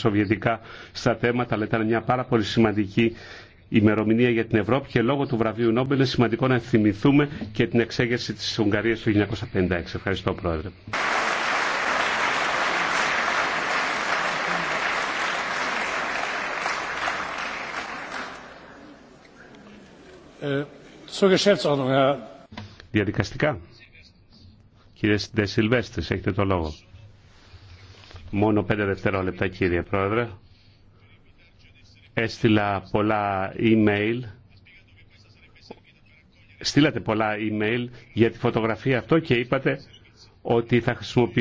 σοβιετικά στα θέματα, αλλά ήταν μια πάρα πολύ σημαντική ημερομηνία για την Ευρώπη και λόγω του βραβείου Νόμπελ είναι σημαντικό να θυμηθούμε και την εξέγερση της Ουγγαρίας του 1956. Ευχαριστώ Πρόεδρε. Äh, Διαδικαστικά. Κύριε Ντεσιλβέστης, έχετε το λόγο. Μόνο πέντε δευτερόλεπτα κύριε Πρόεδρε. Έστειλα πολλά email. Στείλατε πολλά email για τη φωτογραφία αυτό και είπατε ότι θα χρησιμοποιήσω